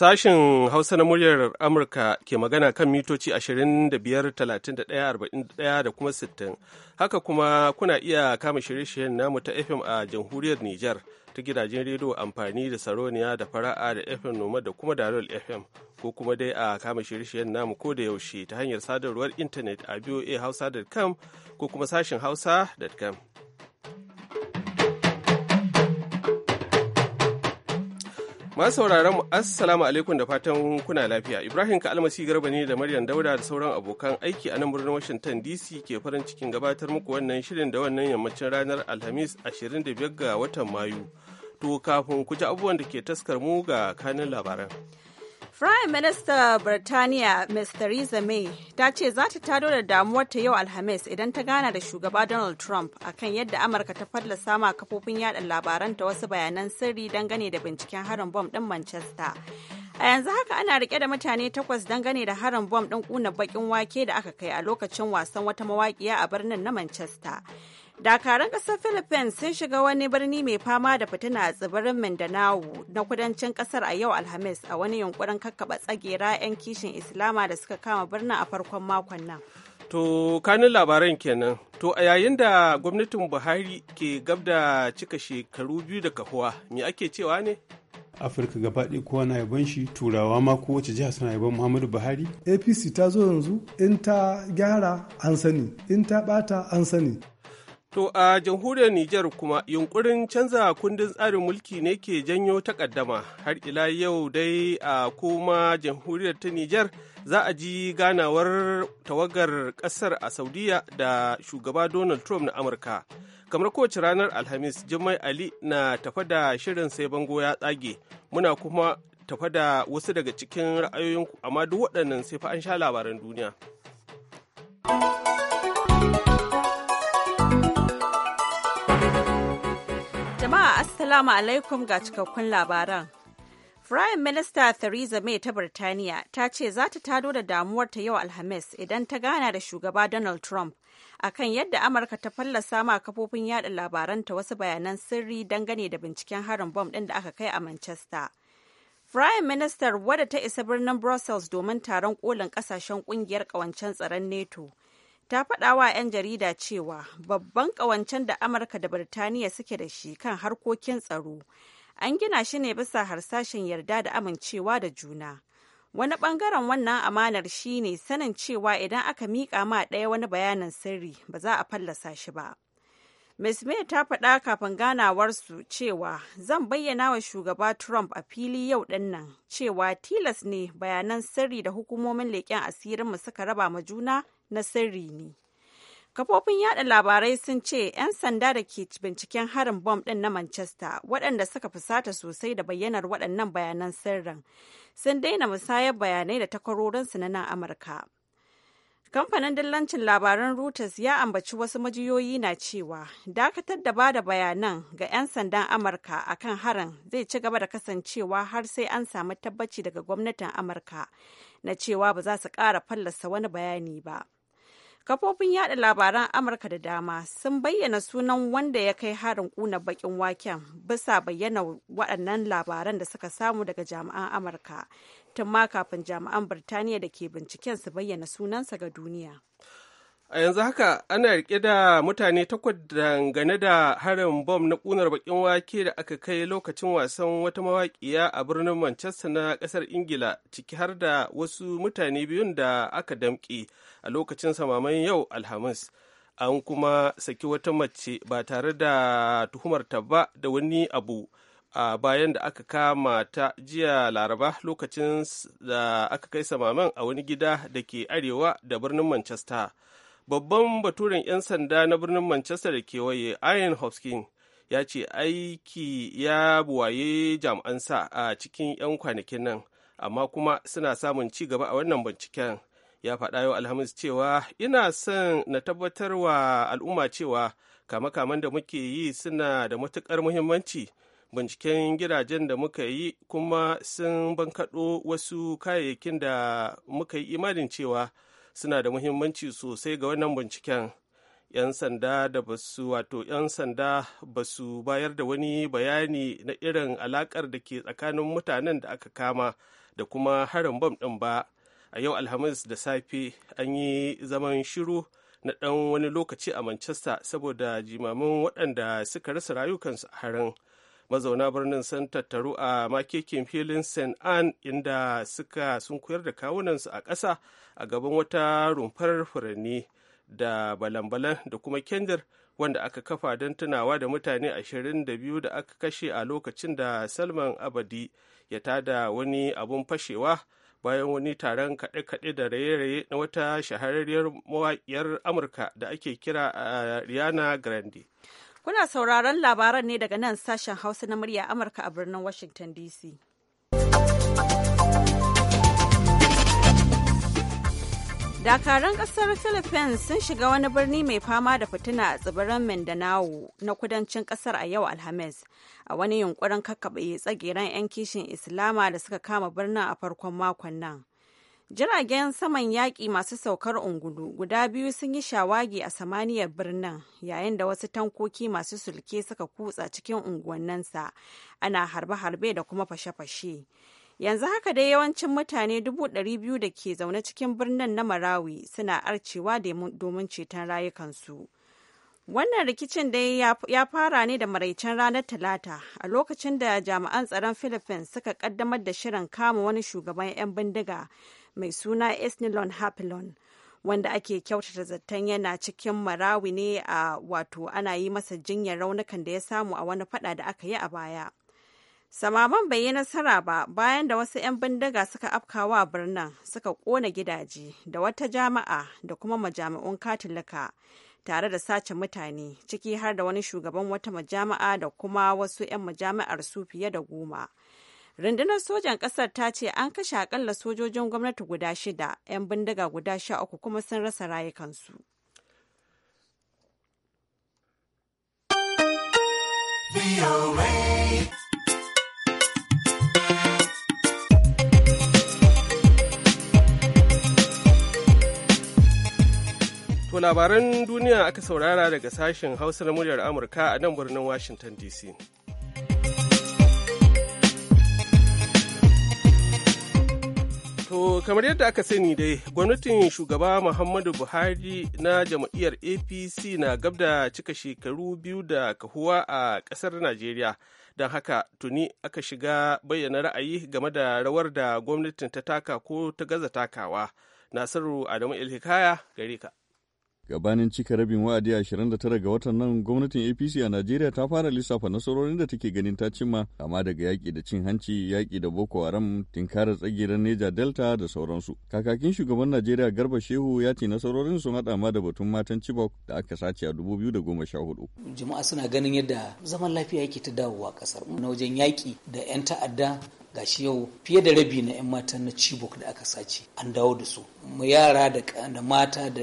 Sashen Hausa na muryar Amurka ke magana kan mitoci 25,31,41 da kuma 60. Haka kuma kuna iya kama shirye-shiryen namu ta FM a jamhuriyar Nijar ta gidajen rediyo amfani da Saroniya da Fara'a da FM Noma da kuma Dalol FM ko kuma dai a kama shirye-shiryen namu ko da yaushe ta hanyar sadarwar intanet a voahausa.com ko kuma sashen hausa.com. Masu sauraron mu assalamu alaikum da fatan kuna lafiya. Ibrahim ka almasi garba ne da Maryam Dauda da sauran abokan aiki a nan birnin Washington DC ke farin cikin gabatar muku wannan shirin da wannan yammacin ranar Alhamis 25 ga watan Mayu. To kafin ku ji abubuwan da ke taskar mu ga kanin labaran. Prime Minister Birtaniya Ms. Theresa May ta ce za ta tado da damuwar ta yau Alhamis idan ta gana da shugaba Donald Trump akan yadda Amurka ta fallasa ma kafofin yada labaranta wasu bayanan sirri dangane da binciken harin bom din Manchester. A yanzu haka ana rike da mutane takwas dangane da harin bom ɗin kuna bakin wake da aka kai a lokacin wasan wata mawaƙiya a birnin na Manchester. Dakaran ƙasar Philippines sun shiga wani birni mai fama da fitina a tsibirin Mindanao na kudancin ƙasar a yau Alhamis a wani yunkurin kakkaba tsagera 'yan kishin Islama da suka kama birnin a farkon makon nan. To kanin labaran kenan. To a yayin da gwamnatin Buhari ke gab da cika shekaru biyu da kahuwa, me ake cewa ne? Afirka gaba ɗaya kowa na yaban shi, turawa ma kowace jiha suna yaban Muhammadu Buhari. APC ta zo yanzu, in ta gyara an sani, in ta ɓata an sani. To a jamhuriyar Nijar kuma yunkurin canza kundin tsarin mulki ne ke janyo takaddama har ila yau dai a kuma jamhuriyar ta Nijar za a ji ganawar tawagar kasar a Saudiya da shugaba Donald Trump na Amurka. Kamar kowace ranar Alhamis, Jummai Ali na tafa da shirin sai bango ya tsage. Muna kuma tafa da wasu daga cikin ra'ayoyinku amma duk waɗannan sai fa an sha labaran duniya. Assalamu alaikum ga cikakkun labaran. Prime Minister Theresa May ta Birtaniya ta ce za ta tado da damuwar ta yau Alhamis idan ta gana da shugaba Donald Trump akan yadda Amurka ta fallasa ma kafofin yada labaranta wasu bayanan sirri dangane da binciken harin bom ɗin da aka kai a Manchester. Prime Minister wadda ta isa birnin Brussels domin taron kolin ƙasashen ƙungiyar ƙawancen tsaron NATO ta faɗa wa 'yan jarida cewa babban ƙawancen da amurka da birtaniya suke da shi kan harkokin tsaro an gina shi ne bisa harsashen yarda da amincewa da juna wani ɓangaren wannan amanar shi ne sanin cewa idan aka miƙa ma ɗaya wani bayanin sirri ba za a fallasa shi ba Ms. May ta faɗa kafin ganawarsu cewa zan bayyana wa shugaba Trump a fili yau ɗin nan cewa tilas ne bayanan sirri da hukumomin leƙen asirinmu suka raba ma juna na sirri ne. Kafofin yada labarai sun ce 'yan sanda da ke binciken harin bom ɗin na Manchester waɗanda suka fusata sosai da bayyanar waɗannan bayanan sirrin sun daina musayar bayanai da takwarorinsu na nan Amurka. Kamfanin dillancin labaran Reuters ya ambaci wasu majiyoyi na cewa dakatar da bada bayanan ga 'yan sandan Amurka a kan harin zai ci gaba da kasancewa har sai an samu tabbaci daga gwamnatin Amurka na cewa ba za su ƙara fallasa wani bayani ba. Kafofin yada labaran Amurka da dama sun bayyana sunan wanda ya kai harin kuna bakin waken bisa bayyana waɗannan labaran da suka samu daga jami'an Amurka, tun ma kafin jami'an Birtaniya da ke binciken su bayyana sunansa ga duniya. a yanzu haka ana rike da mutane takwas dangane da harin bom na kunar bakin wake da aka kai lokacin wasan wata mawaƙiya a birnin manchester na ƙasar ingila ciki har da wasu mutane biyun da aka damƙe a lokacin samaman yau alhamis an kuma saki wata mace ba tare da tuhumarta ba da wani abu a bayan da aka kama ta jiya laraba lokacin da aka kai samaman a wani gida da ke arewa da birnin manchester babban baturen 'yan sanda na birnin manchester da kewaye ian hopkins ya ce aiki ya buwaye jami'an sa a cikin 'yan kwanakin nan amma kuma suna samun ci gaba a wannan binciken ya faɗa yau alhamis cewa ina son na tabbatar wa al'umma cewa kame-kamen da muke yi suna da matuƙar muhimmanci binciken gidajen da muka yi kuma sun bankaɗo wasu kayayyakin da muka yi imanin cewa suna da muhimmanci sosai ga wannan binciken 'yan sanda da basu wato 'yan sanda basu bayar da wani bayani na irin alakar da ke tsakanin mutanen da aka kama da kuma harin bam ɗin ba a yau alhamis da safe an yi zaman shiru na ɗan wani lokaci a manchester saboda jimamin waɗanda suka rasa rayukansu a harin mazauna birnin sun tattaru a makekin filin st anne inda suka sun koyar da kawunansu a ƙasa a gaban wata rumfar furanni da balambalan da kuma kendir wanda aka kafa don tunawa da mutane 22 da aka kashe a lokacin da salman abadi ya tada wani abun fashewa bayan wani taron kaɗe-kaɗe da raye-raye na wata shahararriyar mawaƙiyar amurka da ake kira eh, rihanna grande Kuna sauraron labaran ne daga nan sashen Hausa na murya Amurka a birnin Washington DC. Dakaran ƙasar Philippines sun shiga wani birni mai fama da fitina a tsibirin Mindanao na kudancin ƙasar a yau Alhamis, a wani yunkurin kakkaɓe tsageren 'yan kishin Islama da suka kama birnin a farkon makon nan. Jiragen saman yaƙi masu saukar ungulu guda biyu sun yi shawagi a samaniyar birnin yayin da wasu tankoki masu sulke suka kutsa cikin unguwanninsa ana harbe-harbe da kuma fashe-fashe. Yanzu haka dai yawancin mutane 200,000 da ke zaune cikin birnin na Marawi suna arcewa domin ceton rayukansu. Wannan rikicin dai ya fara ne da maraicen ranar Talata a lokacin da jami'an tsaron Philippines suka kaddamar da shirin kama wani shugaban 'yan bindiga mai suna esnilon hapilon wanda ake kyautata zaton yana cikin marawi ne a wato ana yi masa jinyar raunukan da ya samu a wani fada da aka yi a baya samaman bai yi nasara ba bayan da wasu 'yan bindiga suka afkawa birnin suka kona gidaje da wata jama'a da kuma majami'un katolika tare da sace mutane ciki har da wani shugaban wata majami'a da kuma wasu 'yan majami'ar su fiye da goma rundunar sojan ƙasar ta ce an kashe akalla sojojin gwamnati guda shida 'yan bindiga guda sha uku kuma sun rasa rayukansu To labaran duniya aka saurara daga sashen Hausa na muryar Amurka a nan birnin Washington DC. To kamar yadda aka sani dai gwamnatin shugaba Muhammadu Buhari na jam'iyyar APC na gab da cika shekaru biyu da kahuwa a ƙasar Najeriya. Don haka tuni aka shiga bayyana ra'ayi game da rawar da gwamnatin ta taka ko ta gaza takawa. Nasiru Adamu Ilhikaya gare ka. gabanin cika rabin wa'adi 29 ga watan nan gwamnatin apc a najeriya ta fara lissafa nasarorin da take ganin ta cimma kama daga yaƙi da cin hanci yaƙi da boko haram tinkarar tsagiran neja delta da sauransu kakakin shugaban najeriya garba shehu ya ce nasarorin sun haɗa ma da batun matan chibok da aka sace a 2014 jama'a suna ganin yadda zaman lafiya yake ta dawowa kasar na wajen yaƙi da 'yan ta'adda ga shi yau fiye da rabi na 'yan mata na chibok da aka sace an dawo da su mu yara da mata da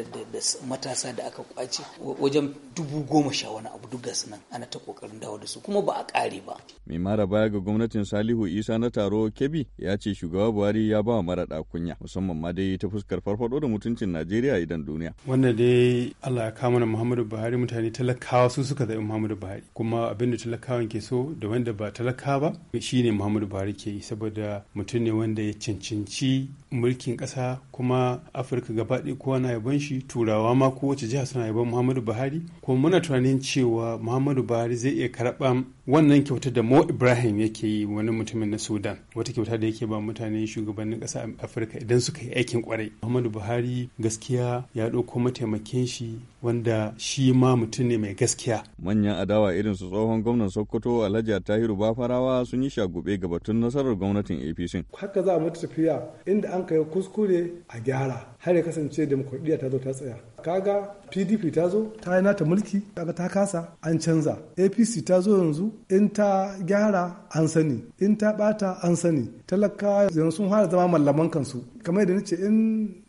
matasa da aka kwace wajen dubu goma sha wani abu duk gasu nan ana ta kokarin dawo da su kuma ba a kare ba mai mara baya ga gwamnatin salihu isa na taro kebi ya ce shugaba buhari ya ba wa marada kunya musamman ma dai ta fuskar farfado da mutuncin najeriya idan duniya wannan dai allah ya kama na muhammadu buhari mutane talakawa su suka zaɓi muhammadu buhari kuma abinda talakawan ke so da wanda ba talaka ba shine muhammadu buhari ke yi saboda mutum ne wanda ya cancanci mulkin ƙasa kuma afirka gaba ɗaya kowa na yaban shi turawa ma kowace jiha suna yaban muhammadu buhari kuma muna tunanin cewa muhammadu buhari zai iya karɓan wannan kyautar da mo ibrahim yake yi wani mutumin na sudan wata kyauta da yake ba mutane shugabannin ƙasa afirka idan suka yi aikin kwarai muhammadu buhari gaskiya ya ɗauko mataimakin shi wanda shi ma mutum ne mai gaskiya manyan adawa irin su tsohon gwamnan sokoto alhaji tahiru bafarawa sun yi shagube ga batun nasarar gwamnatin apc haka za a mutu tafiya inda an kai kuskure a gyara har ya kasance demokradiyya ta zo ta tsaya kaga pdp ta zo ta yi nata mulki kaga ta kasa an canza apc ta zo yanzu in ta gyara an sani in ta bata an sani talaka yanzu sun fara zama mallaman kansu kamar yadda nace in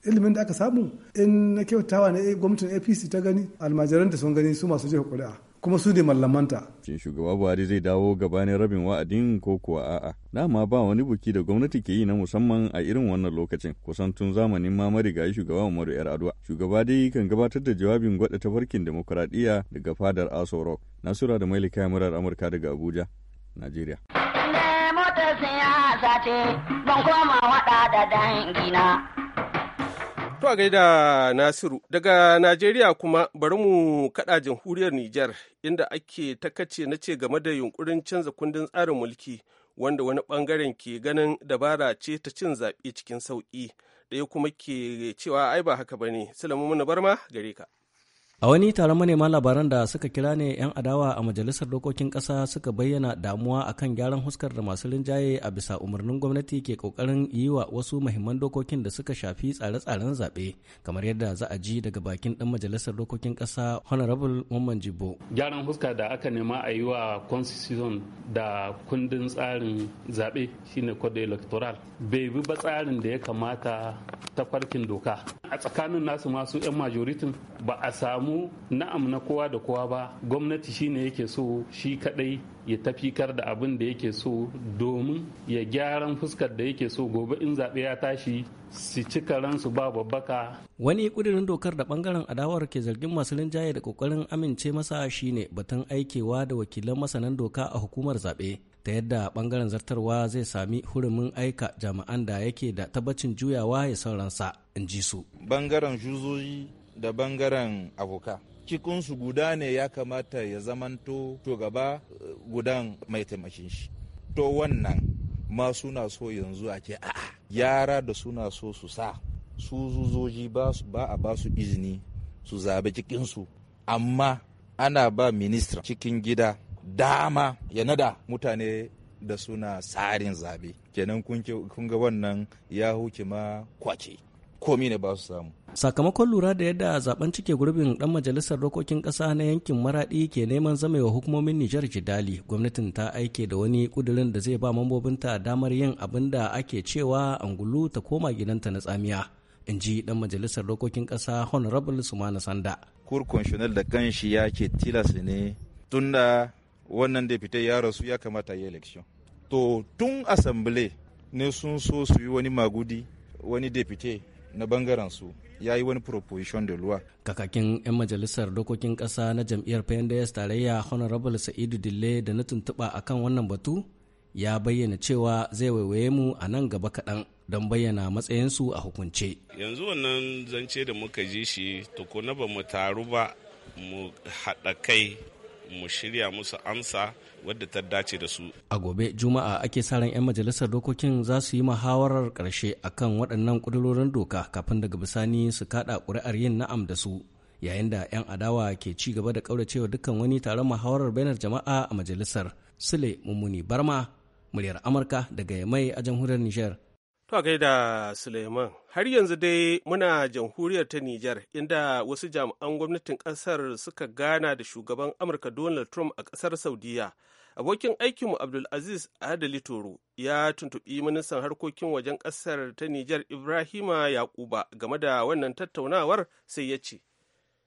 ilimin da aka samu in na kyautawa na eh, gwamnatin apc ta gani almajiran da sun gani su masu jefa kuri'a kuma su ne mallamanta. Shin shugaba Buhari zai dawo gabanin rabin wa'adin ko kuwa a'a? Dama ba wani buki da gwamnati ke yi na musamman a irin wannan lokacin kusan tun zamanin ma marigayi shugaba Umaru Yar'adua. Shugaba dai kan gabatar da jawabin gwada tafarkin demokuraɗiyya daga fadar Aso Rock. Nasura da Mailika Murar Amurka daga Abuja, Najeriya. siyasa ce, ban koma waɗa da dangina. To a gaida Nasiru, daga Najeriya kuma bari mu kaɗa jamhuriyar Nijar inda ake takace na ce game da yunkurin canza kundin tsarin mulki wanda wani ɓangaren ke ganin dabara ce ta cin zaɓe cikin sauƙi, ɗaya kuma ke cewa ai ba haka ba ne, muna Barma gare ka. A wani taron manema labaran da suka kira ne 'yan adawa a majalisar dokokin kasa suka bayyana damuwa a kan gyaran huskar da masu rinjaye a bisa umarnin gwamnati ke kokarin yi wa wasu mahimman dokokin da suka shafi tsare-tsaren zaɓe kamar yadda za a ji daga bakin ɗan majalisar dokokin kasa honorable Mamman Jibo. Gyaran huska da aka nema a yi wa constitution da kundin tsarin zaɓe shine code electoral bai bi ba tsarin da ya kamata ta farkin doka. A tsakanin nasu masu 'yan majoritin ba a samu samu na'am na kowa da kowa ba gwamnati shine yake so shi kadai ya tafikar da abin da yake so domin ya gyaran fuskar da yake so gobe in zaɓe ya tashi su ci ransu ba babbaka. Wani ƙudurin dokar da bangaren adawar ke zargin masu linjaye da ƙoƙarin amince masa shine batun aikewa da wakilan masanan doka a hukumar zaɓe ta yadda bangaren zartarwa zai sami hurumin aika jami'an da yake da tabbacin juyawa ya sauransa in ji su. bangaren juzoji da bangaren aboka cikinsu guda ne ya kamata ya zamanto to gaba eh, gudan mai taimakin shi to wannan ma suna so yanzu a ke a'a yara da suna so su sa su zuzoji ba a ba su izini su zabe cikinsu amma ana ba ministra cikin gida dama ya nada mutane da suna tsarin zaɓe. kenan kun ga wannan ya huce ma kwace komi ne ba su samu sakamakon lura da yadda zaben cike gurbin dan majalisar dokokin kasa na yankin maradi ke neman zama wa hukumomin nijar jidali gwamnatin ta aike da wani kudirin da zai ba mambobinta damar yin abin da ake cewa angulu ta koma gidanta na tsamiya in ji dan majalisar dokokin kasa honorable sumana sanda kur constitutional da kanshi ya ce tilas ne tunda wannan da fita ya rasu ya kamata yi election to tun assembly ne sun so su yi wani magudi wani deputy na bangaren su ya yi wani proposition da luwa. Kakakin 'yan majalisar dokokin ƙasa na jam'iyyar PNDS tarayya Honorable Sa'idu Dille da na tuntuɓa kan wannan batu ya bayyana cewa zai waiwaye mu a nan gaba kaɗan don bayyana matsayinsu a hukunce. Yanzu wannan zance da muka ji shi tukuna ba mu taru ba mu haɗa kai mu shirya musu amsa wadda ta dace da su. A gobe Juma'a ake sa ran 'yan majalisar dokokin za su yi muhawarar ƙarshe kan waɗannan ƙudurorin doka kafin daga bisani su kaɗa ƙuri'ar yin na'am da su. Yayin da 'yan adawa ke ci gaba da ƙauracewa dukkan wani taron muhawarar bainar jama'a a majalisar. Sule Mummuni Barma, muryar Amurka daga Yamai a jamhuriyar Nijar. To a gaida Suleiman, har yanzu dai muna jamhuriyar ta Nijar inda wasu jami'an gwamnatin ƙasar suka gana da shugaban Amurka Donald Trump a ƙasar Saudiya. Abokin aikinmu Abdulaziz Adali Toro ya tuntuɓi ministan harkokin wajen ƙasar ta Nijar Ibrahima Yakuba game da wannan tattaunawar sai ya ce.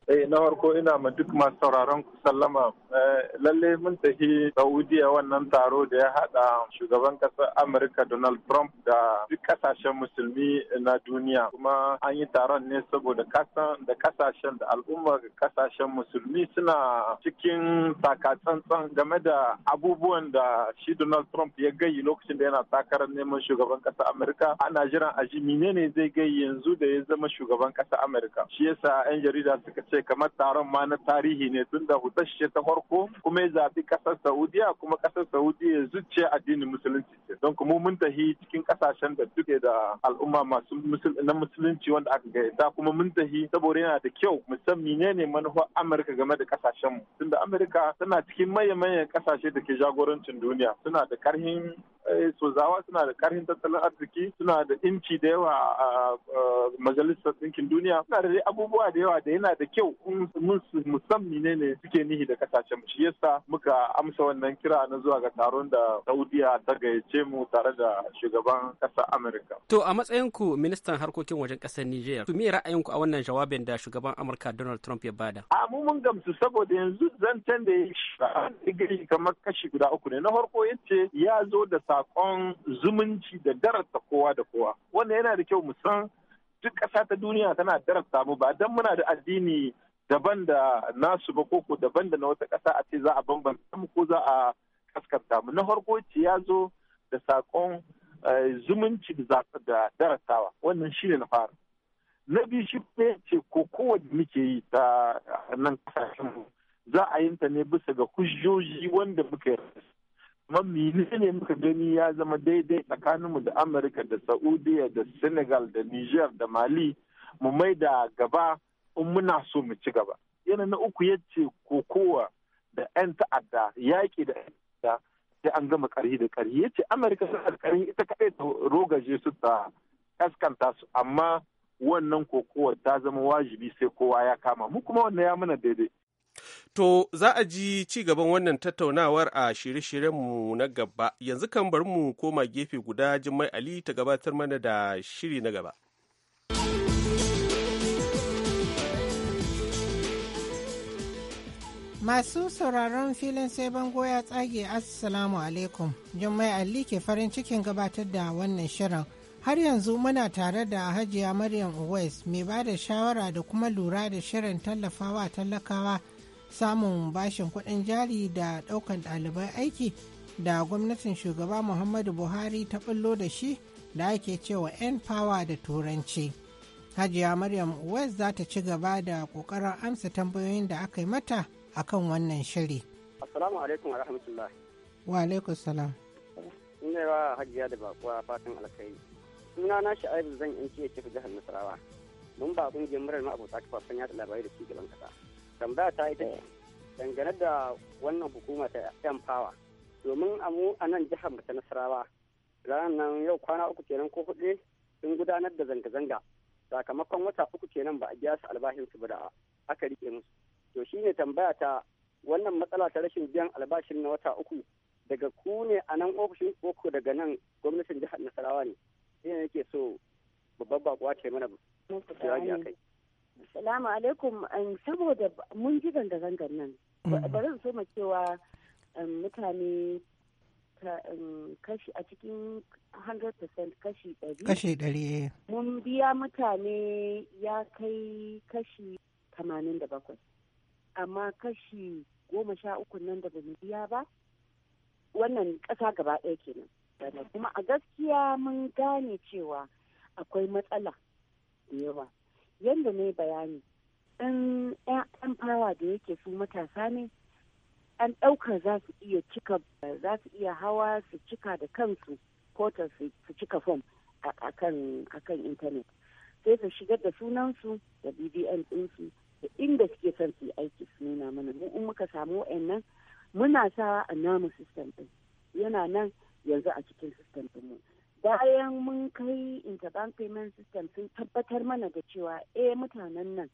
Eh na farko ina ma duk masu sauraron ku sallama. Eh, lalle mun tafi Saudiya wannan taro da ya hada shugaban kasar Amurka Donald Trump da duk kasashen musulmi na duniya. Kuma an yi taron ne saboda kasan da kasashen da al'ummar kasashen musulmi suna cikin takatsantsan game da abubuwan da shi Donald Trump ya gayi lokacin da yana takarar neman shugaban kasar Amurka. Ana jiran aji menene zai gayi yanzu da ya zama shugaban kasar Amurka. Shi yasa 'yan jarida suka ce kamar taron ma na tarihi ne tun da hutashe ta farko kuma ya zaɓi ƙasar Saudiya kuma kasar Saudiya zuciya addinin musulunci ce. Don kuma mun tahi cikin ƙasashen da duke da al'umma masu na musulunci wanda aka gayyata kuma mun tahi saboda yana da kyau musamman ne ne manufar Amurka game da ƙasashen mu. Tunda Amurka tana cikin manya-manyan ƙasashe da ke jagorancin duniya suna da karhin Eh, sozawa suna da karhin tattalin arziki suna da inci da yawa a majalisar ɗinkin duniya suna da dai abubuwa da yawa da yana da kyau mun musamman ne ne suke nihi da kasashen shi yasa muka amsa wannan kira na zuwa ga taron da saudiya ta gayyace mu tare da shugaban ƙasar amurka to a matsayin ku ministan harkokin wajen ƙasar niger to me ra'ayinku a wannan jawabin da shugaban amurka donald trump ya bada a mu mun gamsu saboda yanzu zancen da ya yi kamar kashi guda uku ne na farko yace ya zo da saƙon zumunci da darasa kowa da kowa wannan yana da kyau mu san duk ƙasa ta duniya tana darasa mu ba don muna da addini daban da nasu ba koko daban da na wata ƙasa a ce za a bambanta mu ko za a kaskanta mu na farko ce ya zo da sakon eh, zumunci da darasawa wannan shi ne na fara na biyu shi ne ce ko kowanne muke yi ta nan kasashen za a yinta ta ne bisa ga hujjoji wanda muka yi. kuma menene muka gani ya zama daidai tsakaninmu da amurka da saudiya da senegal da niger da mali mu mai da gaba in muna so mu ci gaba yana na uku ya ce kokowa da 'yan ta'adda yaƙi da 'yan ta'adda sai an gama ƙarhi da ƙarhi ya ce amurka suna da ƙarhi ita kaɗai ta rogaje su ta kaskanta su amma wannan kokowa ta zama wajibi sai kowa ya kama mu kuma wannan ya mana daidai To za a ji ci gaban wannan tattaunawar a shirye-shiryenmu na gaba. Yanzu kan bar mu koma gefe guda Jummai Ali ta gabatar mana da shiri na gaba. Masu sauraron filin sai bango ya tsage Assalamu alaikum. Jummai Ali ke farin cikin gabatar da wannan shirin. Har yanzu muna tare da Hajiya Maryam Uwais mai ba da shawara da kuma lura da shirin tallafawa talakawa samun bashin kuɗin jari da ɗaukan ɗalibai aiki da gwamnatin shugaba muhammadu buhari ta ɓullo da shi da ake cewa 'yan fawa da turanci hajiya maryam west za ta ci gaba da ƙoƙarin amsa tambayoyin da aka yi mata akan wannan shiri assalamu alaikum wa rahmatullahi! wa alaikum salam ina wa hajiya da bakuwa fatan alkai suna na sha'ar zan in ce jihar nasarawa mun ba kungiyar murar ma'abota kafafen yada labarai da ci gaban kasa tambaya ta ita ce dangane da wannan hukuma ta yan fawa domin amu a nan jihar ta nasarawa ranar nan yau kwana uku kenan ko hudu sun gudanar da zanga-zanga sakamakon wata uku kenan ba a biya su albashinsu ba da aka rike musu to shine tambaya ta wannan matsala ta rashin biyan albashin na wata uku daga ku ne a nan ofishin koko daga nan gwamnatin jihar nasarawa ne shine yake so babbar bakuwa ce mana ba. Salamu alaikum saboda mun ji zanga-zangan nan. Mm. Bari zan so ma cewa um, mutane um, kashi a cikin 100% kashi 100. Kashi 100. Eh. Mun biya mutane ya kai kashi 87. Amma kashi goma sha nan da mu biya ba wannan ƙasa gaba ɗaya kenan. Kuma a gaskiya mun gane cewa akwai matsala da yawa. yadda ne bayani ɗan ɗan farawa da yake su matasa ne an ɗaukar za su iya cika za su iya hawa su cika da kansu portal su cika fom a kan intanet sai su shigar da sunansu da bdn ɗinsu da inda suke son su aiki su nuna mana mu in muka samu wa'annan muna sawa a namu system ɗin yana nan yanzu a cikin system ɗinmu bayan mun kai interbank payment system sun tabbatar mana da cewa eh mutanen nan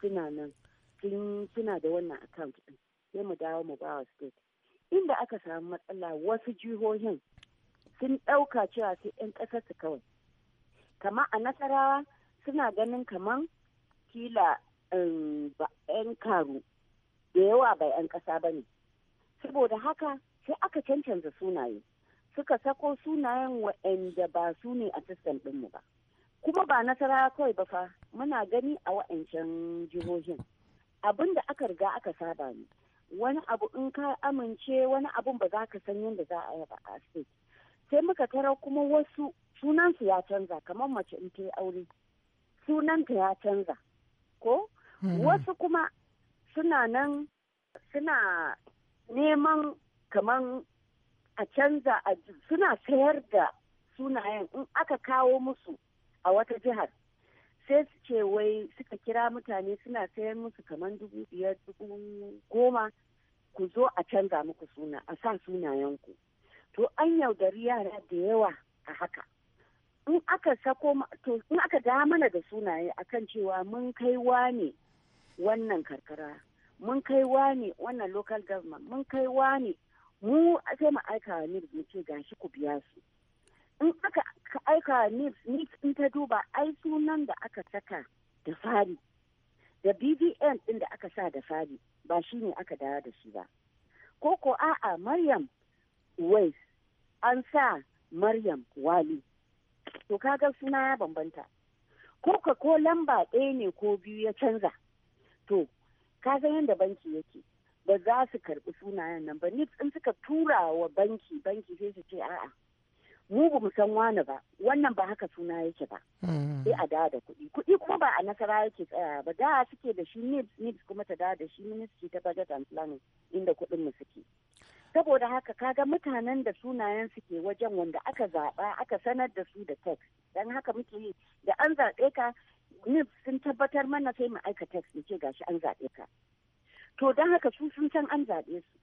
suna nan suna da wannan account din sai mu dawo mu bawa state inda aka samu matsala wasu jihohin sun ɗauka cewa sai 'yan ƙasar su kawai kama a nasarawa suna ganin kaman kila um, ba 'yan karu da yawa ba 'yan ƙasa ba ne saboda haka sai aka cancanza sunaye suka sako sunayen wa'anda ba su ne a sistem ɗinmu ba kuma ba nasara kawai ba fa muna gani a wa'ancan jihohin abin da aka riga aka saba ne wani abu in ka amince wani abun ba za ka san yadda za a yi ba a state sai muka tara kuma wasu sunansu ya canza kamar mace in ta yi aure sunanta ya canza ko hmm. wasu kuma suna nan suna neman kamar a canza a suna sayar da sunayen in aka kawo musu a wata jihar sai su ce wai suka kira mutane suna sayar musu kamar dubu biyar dubu goma ku zo a canza muku suna a sa sunayenku to an yaudari yara da yawa a haka in aka sako to in aka damana da sunaye akan cewa mun kai wane wannan karkara mun kai wane wannan local government mun kai wane mu sai mu aika nibs mu ce gashi ku biya su in aka ka aika nibs nibs in ta duba ai sunan da aka saka da fari da bvn din da aka sa da fari ba shi ne aka dawo da shi ba ko ko a'a maryam wais an sa maryam wali to kaga suna ya bambanta ko ka ko lamba ɗaya ne ko biyu ya canza to ka kaga yadda banki yake ba za su karbi sunayen nan ba ni in suka tura wa banki banki sai su ce a'a mu ba mu san wani ba wannan ba haka suna yake ba hmm. sai a da da kuɗi kuɗi kuma ba a nasara yake tsaya ba da suke da shi nif kuma ta da da shi ministry ta budget and planning inda kuɗin mu suke saboda haka kaga mutanen da sunayen suke wajen wanda aka zaɓa aka sanar da su da tax dan haka muke yi da an zaɓe ka nif sun tabbatar mana sai mu aika tax mu ce gashi an zaɓe ka to don haka su sun san an zaɓe su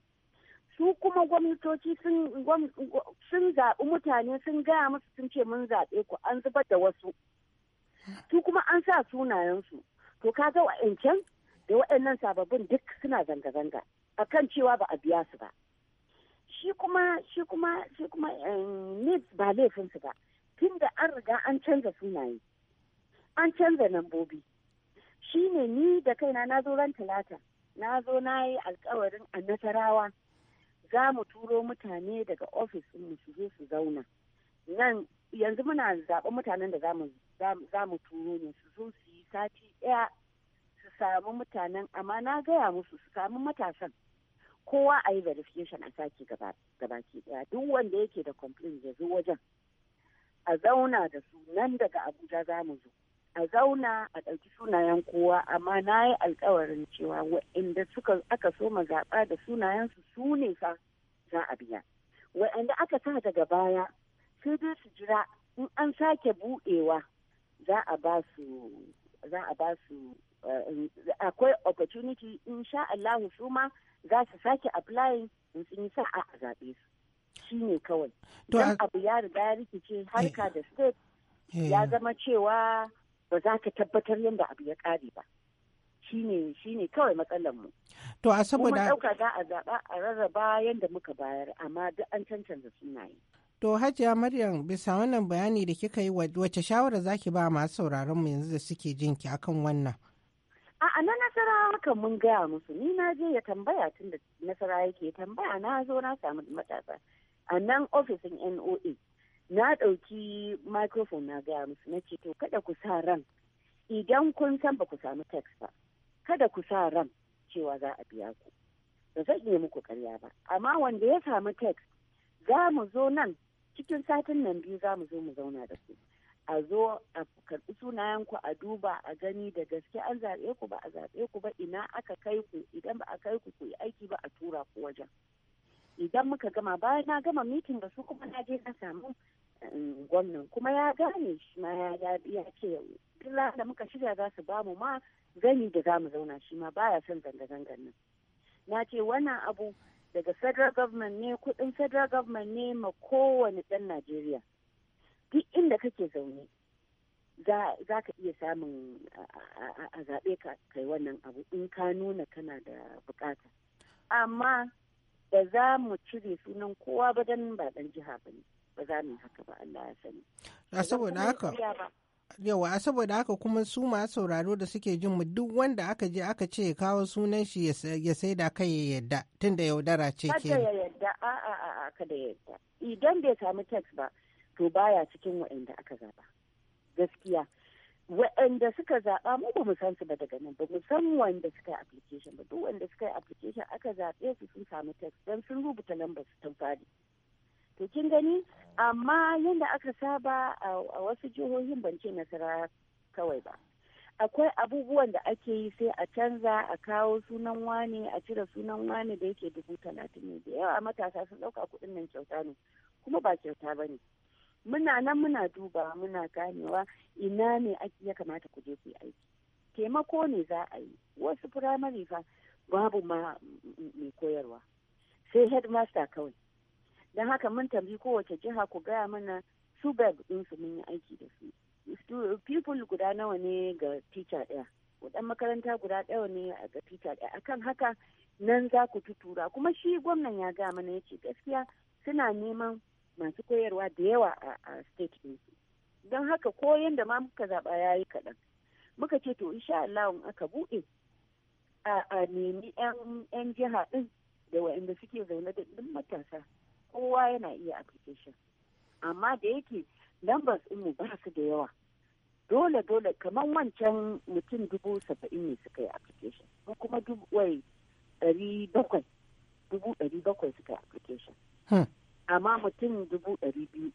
su kuma gwamnatoci sun zaɓi mutane sun gaya musu sun ce mun zaɓe ku an zubar da wasu su kuma an sa sunayensu to ka ga wa'ancan da wa'annan sababbin duk suna zanga-zanga a kan cewa ba a biya su ba shi kuma shi kuma shi kuma ba laifinsu ba tun da an riga an canza sunaye an canza lambobi shi ne ni da kaina na zo ran talata na zo na yi alkawarin a nasarawa za mu turo mutane daga ofis mu su su zauna nan yanzu muna zaɓa mutanen da za mu turo ne su zo su yi sati ɗaya su samu mutanen amma na gaya musu su samu matasan kowa a yi verification a sake gabaki ɗaya duk wanda yake da complain ya zo wajen a zauna da su nan daga abuja za mu zo a zauna a ɗauki sunayen kowa amma na yi alkawarin cewa waɗanda suka aka so zaɓa da sunayensu su ne fa za a biya waɗanda aka sa daga baya sai dai su jira in an sake buɗewa za a ba su za a ba su eh, akwai opportunity in sha Allahu su ma za su sake applying in sun yi sa'a a zaɓe su shi ne kawai don abu ya riga ya rikice harka eh. da state ya eh. zama cewa ba za ka tabbatar yadda abu ya kare ba shine shine kawai matsalar mu to a saboda ɗauka za a zaɓa a rarraba yadda muka bayar amma duk an cancanta sunaye to hajiya maryam bisa wannan bayani da kika yi wacce shawara zaki ba masu sauraron mu yanzu da suke jinki akan wannan a na nasara haka mun gaya musu ni na je ya tambaya tun da nasara yake tambaya na zo na samu matasa a nan ofisin noa na ɗauki microphone na gaya musu na ce to kada ku sa ran idan kun san ba ku samu tax ba kada ku sa ran cewa za a biya ku ba zan iya muku karya ba amma wanda ya samu tax za mu zo nan cikin satin nan biyu za mu zo mu zauna da ku a zo a karɓi sunayenku a duba a gani da gaske an zaɓe ku ba a zaɓe ku ba ina aka kai ku idan ba a kai ku ku yi aiki ba a tura ku wajen idan muka gama bayan na gama mitin da su kuma na je na samu um, gwamnan kuma ya gane shi ma ya ce duk da muka shirya za su bamu ma gani da za mu zauna shi ma baya son zanga-zangan nan na ce wannan abu daga federal government ne kudin federal government ne ma kowane dan najeriya duk inda kake zaune za ka iya samun a zaɓe ka kai wannan abu in ka nuna kana da bukata amma ba za mu cire sunan kowa ba dan ba dan jiha ba ne ba za mu haka ba Allah ya sani a saboda haka yawa a saboda haka kuma su masu sauraro da suke jin mu duk wanda aka je aka ce kawo sunan shi ya sai da kai ya yadda da yaudara ce ke kada ya yadda a a a kada ya yadda idan bai samu tax ba to baya cikin waɗanda aka zaba gaskiya waɗanda suka zaɓa mu ba mu san su ba daga nan ba mu san wanda suka yi application ba duk wanda suka yi application aka zaɓe su sun samu text don sun rubuta lambar su tun fari to kin gani amma yadda aka saba a wasu jihohin ban ce nasara kawai ba akwai abubuwan da ake yi sai a canza a kawo sunan wani a cire sunan wani da yake dubu talatin ne da yawa matasa sun ɗauka kuɗin nan kyauta ne kuma ba kyauta ba ne muna nan muna duba muna ganewa ina ne ya kamata ku je ku aiki taimako ne za a yi wasu firamare fa babu ma mai koyarwa sai headmaster kawai don haka mun tambi kowace jiha ku gaya mana su din su mun yi aiki da su people guda nawa ne ga teacher ɗaya wadan makaranta guda ɗaya ne ga teacher ɗaya akan haka nan za ku tutura kuma shi gwamnan ya gaya mana ya ce gaskiya suna neman masu koyarwa da yawa a state din don haka ko yadda ma muka zaɓa ya yi kaɗan muka ce to insha Allah aka buɗe a nemi 'yan jiha ɗin da waɗanda suke zaune da ɗin matasa kowa yana iya application amma da yake numbers ɗinmu ba su da yawa dole dole kamar wancan mutum dubu saba'in ne suka yi application ko kuma dubu wai ɗari bakwai dubu ɗari bakwai suka yi application hmm. amma mutum dubu ɗari biyu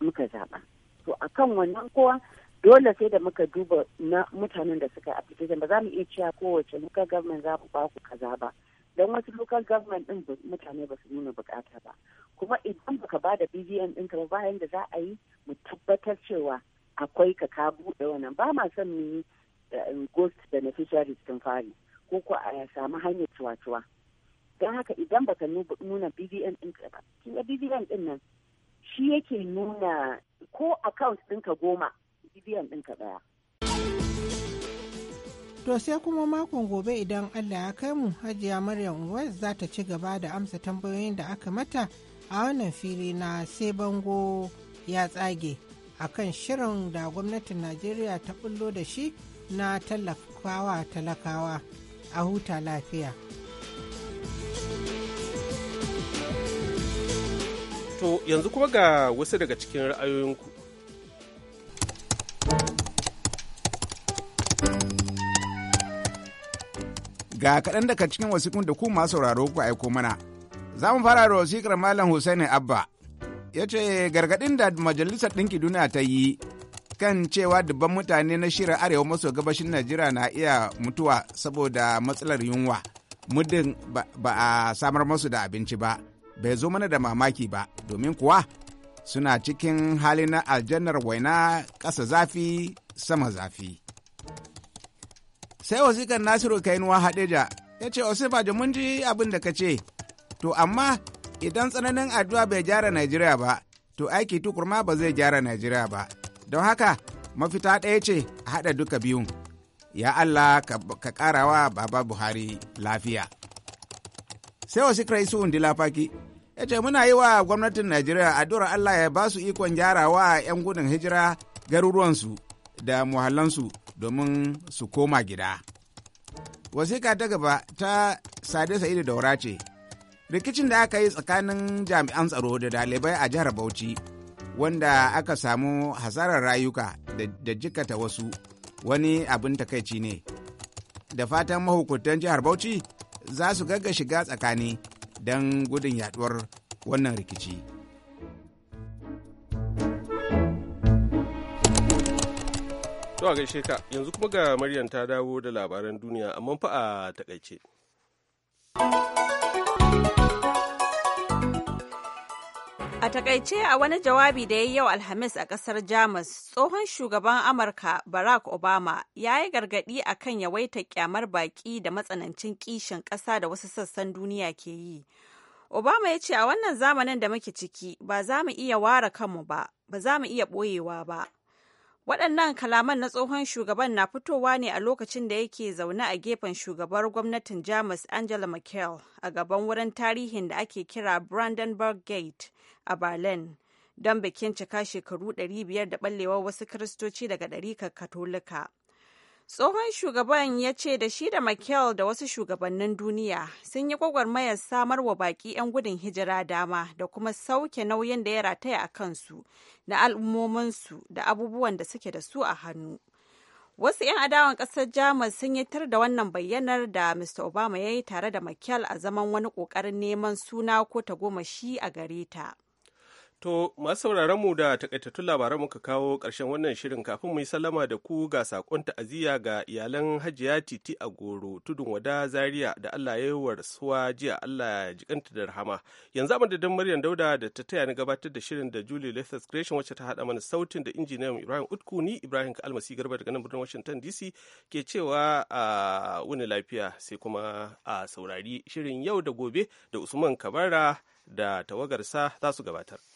muka zaɓa to a kan wannan kowa dole sai da muka duba na mutanen da suka application ba za mu iya cewa kowace local government za mu baku kaza ba don wasu local government ɗin mutane ba su nuna bukata ba kuma idan baka ba da BVN din ka bayan da za a yi mu tabbatar cewa akwai ka ka buɗe wannan ba ma son mu yi eh, ghost beneficiaries tun fari ko ko a samu hanyar cuwa-cuwa don haka idan baka nuna bvn ɗinka ba kinga bvn ɗin nan shi yake nuna ko account ɗinka goma bvn ɗinka ɗaya To sai kuma makon gobe idan Allah ya kai mu hajiya Maryam West za ta ci gaba da amsa tambayoyin da aka mata a wannan fili na sai bango ya tsage a kan shirin da gwamnatin Najeriya ta bullo da shi na tallafawa talakawa a huta lafiya. To yanzu kuma ga wasu daga cikin ra'ayoyinku. Ga kaɗan daga cikin wasikun da ku masu sauraro ku aiko mana. Za mu fara da wasikar Malam Hussaini Abba. Ya ce gargaɗin da Majalisar Ɗinki Duniya ta yi kan cewa dubban mutane na shirin arewa maso gabashin Najeriya na iya mutuwa saboda matsalar yunwa muddin ba a samar masu da abinci ba. bai zo mana da mamaki ba domin kuwa suna cikin hali na aljannar waina ƙasa zafi sama zafi. Sai wasikan Nasiru Kainuwa Hadeja ya ce Osifaji mun ji abin da ka ce, to amma idan tsananin addu'a bai gyara Najeriya ba, to aiki tukurma ba zai gyara Najeriya ba. Don haka mafita ɗaya ce a haɗa duka biyun. Ya Allah ka ƙarawa Baba Buhari lafiya. Sai wasu Kraisu undi lafaki. ya ce muna yi wa gwamnatin najeriya addu'ar allah ya ba su ikon gyarawa 'yan gudun hijira garuruwansu da muhallansu domin su koma gida wasika ta gaba ta sade sa'idu daura ce rikicin da aka yi tsakanin jami'an tsaro da dalibai a jihar bauchi wanda aka samu hasarar rayuka da jikata wasu wani abin takaici ne da fatan mahukuntan jihar bauchi za su gagga shiga tsakani don gudun yaduwar wannan rikici. To a gaishe ka yanzu kuma ga Maryam ta dawo da labaran duniya amma fa a takaice. A takaice a wani jawabi da ya yi yau Alhamis a kasar Jamus, tsohon shugaban Amurka Barack Obama ya yi gargaɗi a kan yawaita kyamar baƙi da matsanancin kishin ƙasa da wasu sassan duniya ke yi. Obama ya ce a wannan zamanin da muke ciki ba za mu iya ware kanmu ba, ba za mu iya ɓoyewa ba. Waɗannan kalaman na tsohon shugaban na fitowa ne a lokacin da yake zaune a gefen shugabar gwamnatin Jamus Angela Merkel a gaban wurin tarihin da ake kira Brandenburg Gate a Berlin don bikin cika shekaru 500 da ɓallewar wasu Kiristoci daga ɗarikar Katolika. Tsohon shugaban ya ce da shi da Mikel da wasu shugabannin duniya sun yi gwagwarmayar samar wa baƙi 'yan gudun hijira dama da kuma sauke nauyin da ya rataya a kansu na al'ummominsu da abubuwan da suke da su a hannu. Wasu 'yan adawan ƙasar Jamus sun yi tar da wannan bayyanar da Mr. Obama ya yi tare da Mikel a zaman wani ƙoƙarin neman suna ko shi a gare ta. To, masu sauraron mu da takaitattun labaran muka kawo ƙarshen wannan shirin kafin mu yi sallama da ku ga sakon ta'aziyya ga iyalan Hajiya Titi a Goro, Tudun Wada Zaria da Allah ya yi warsuwa jiya Allah ya jikanta da rahama. Yanzu a madadin Maryam Dauda da ta taya ni gabatar da shirin da Julie Lethas Creation wacce ta haɗa mana sautin da injiniyan Ibrahim Utku ni Ibrahim almasi Garba daga nan birnin Washington DC ke cewa a wani lafiya sai kuma a saurari shirin yau da gobe da Usman Kabara da tawagarsa za su gabatar.